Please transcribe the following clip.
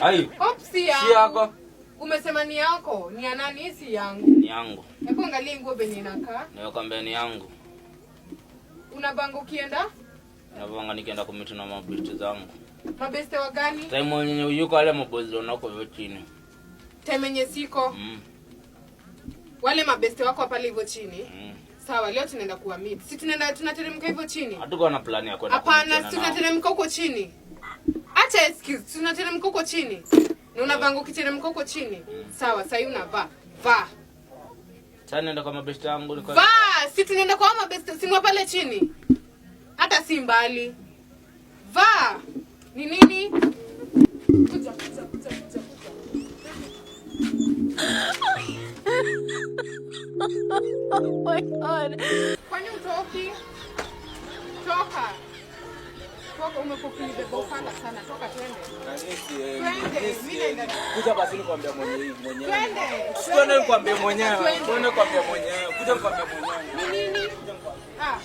Ai. Opsi ya. Si yako. Umesema ni yako, ni ya nani si yangu? Ni yangu. Hebu angalia nguo benye inakaa. Niyo kwambia ni yangu. Una bango kienda? Na bango nikienda kumiti na mabesti zangu. Mabeste wa gani? Time yenye yuko wale mabozi wanako hivyo chini. Time yenye siko. Mm. Wale mabeste wako pale hivyo chini. Mm. Sawa, leo tunaenda kuwa meet. Si tunaenda tunateremka hivyo chini. Hatuko na plani ya kwenda. Hapana, si tunateremka huko chini acha excuse. Unateremka huko chini na unavaa ukiteremka huko chini sawa. Sasa hivi unavaa vaa nenda kwa mabesta yangu niko. Ba, si tunaenda kwa mabesta, si mwa pale chini. Hata si mbali. Va. Ni nini? Kuja, kuja, kuja, kuja. Oh my God. Kwani utoki? umekuwa ukinibeba upanga sana, toka twende. Kuja basi nikwambia mwenyewe, twende nikwambia mwenyewe, twende nikwambia mwenyewe, kuja nikwambia mwenyewe. Ni nini? Ah.